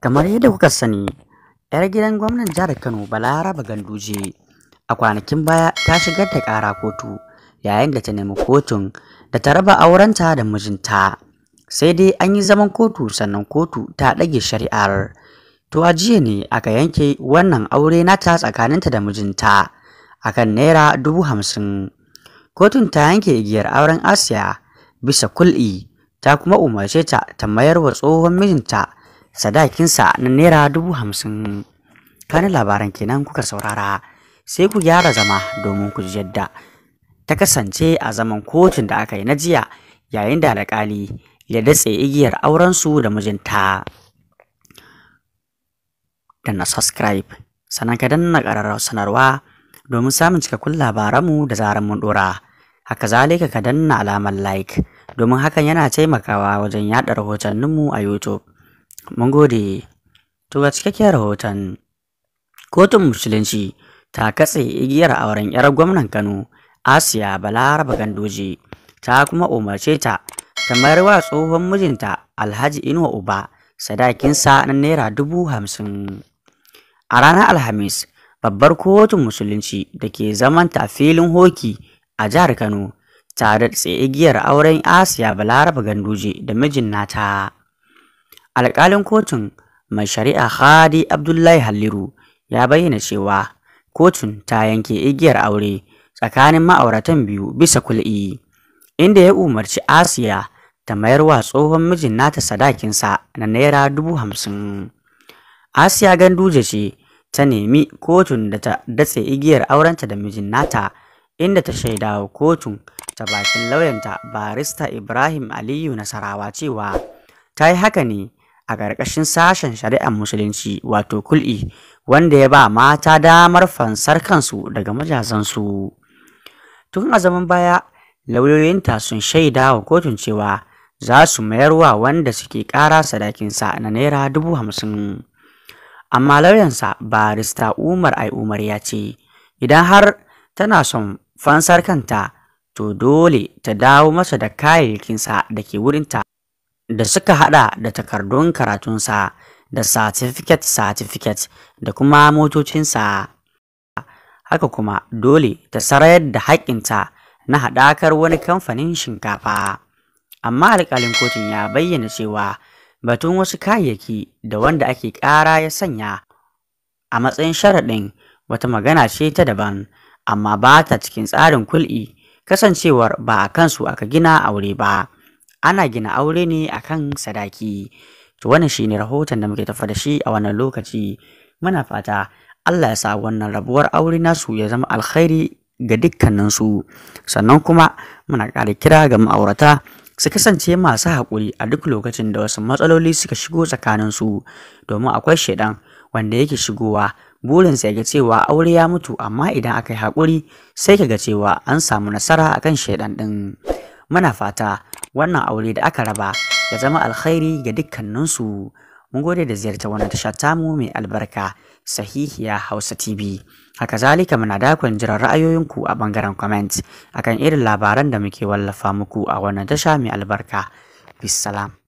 kamar yadda kuka sani yar gidan gwamnan jihar kano balaraba ganduje a kwanakin baya ta shigar da ƙara kotu yayin da ta nemi kotun da ta raba aurenta da mijinta sai dai an yi zaman kotu sannan kotu ta ɗage shari'ar to a jiya ne aka yanke wannan aure nata tsakaninta da mijinta akan naira dubu hamsin kotun ta yanke igiyar auren asiya bisa kul'i ta kuma umarce ta ta mayar wa tsohon mijinta sadakinsa na naira dubu hamsin kanin labaran kenan kuka saurara sai ku gyara zama domin ku ji yadda ta kasance a zaman kotun da aka yi na jiya yayin da alƙali ya datse igiyar aurensu da mijinta da na subscribe sannan ka danna ƙararrar sanarwa domin samun cikakkun labaranmu da zarar mun ɗora haka zalika ka danna alamar like domin hakan yana taimakawa wajen yaɗa rahotanninmu a youtube mun gode. To ga cikakkiyar rahoton. Kotun Musulunci ta katse igiyar auren 'yar gwamnan Kano Asiya Balaraba Gandoji ta kuma umarce ta ta mayar wa tsohon mijinta Alhaji Inuwa Uba sadakinsa na Naira dubu hamsin. A ranar Alhamis, babbar kotun musulunci da ke zaman ta filin hoki a jihar Kano ta datse igiyar auren Asiya Balaraba Ganduje da mijin nata. alƙalin kotun mai shari'a Khadi abdullahi halliru ya bayyana cewa kotun ta yanke igiyar aure tsakanin ma'auratan biyu bisa kul'i inda ya umarci asiya ta mayar wa tsohon mijin nata sadakinsa na naira dubu hamsin asiya ganduje ce ta nemi kotun da ta datse igiyar aurenta da mijin nata inda ta shaida wa kotun ta bakin lauyanta barista ibrahim aliyu nasarawa cewa ta yi haka ne a ƙarƙashin sashen shari'ar musulunci wato kul'i wanda ya ba mata damar fansar kansu daga majazansu tun a zaman baya lauyoyinta sun shaida wa kotun cewa za su mayar wa wanda suke ƙara sadakinsa na naira dubu hamsin amma lauyansa barista umar ai umar ya ce idan har tana son fansar kanta to dole ta dawo masa da kayayyakinsa da ke wurinta da suka hada da takardun karatunsa da satifiket-satifiket da kuma motocinsa. Haka kuma dole ta sarayar da haƙƙinta na haɗakar wani kamfanin shinkafa. Amma alƙalin kotun ya bayyana cewa batun wasu kayayyaki da wanda ake ƙara ya sanya a matsayin sharaɗin wata magana ce ta daban, amma ba ta cikin tsarin kul'i kasancewar ba a kansu aka gina aure ba. ana gina aure ne akan sadaki to wannan shine rahoton da muke tafa da shi a wannan lokaci muna fata Allah ya sa wannan rabuwar aure nasu ya zama alkhairi ga su sannan kuma muna ƙara kira ga ma'aurata su kasance masu haƙuri a duk lokacin da wasu matsaloli suka shigo tsakanin su domin akwai shaidan wanda yake shigowa burinsa ya ga cewa aure ya mutu amma idan aka yi haƙuri sai ka ga cewa an samu nasara akan shaidan din. muna fata wannan aure da aka raba ya zama alkhairi ga dukkaninsu mun gode da ziyarta wannan tasha ta mu mai albarka sahihiya hausa tv haka zalika muna dakon jiran ra'ayoyinku a bangaren comment akan irin labaran da muke wallafa muku a wannan tasha mai albarka bisalam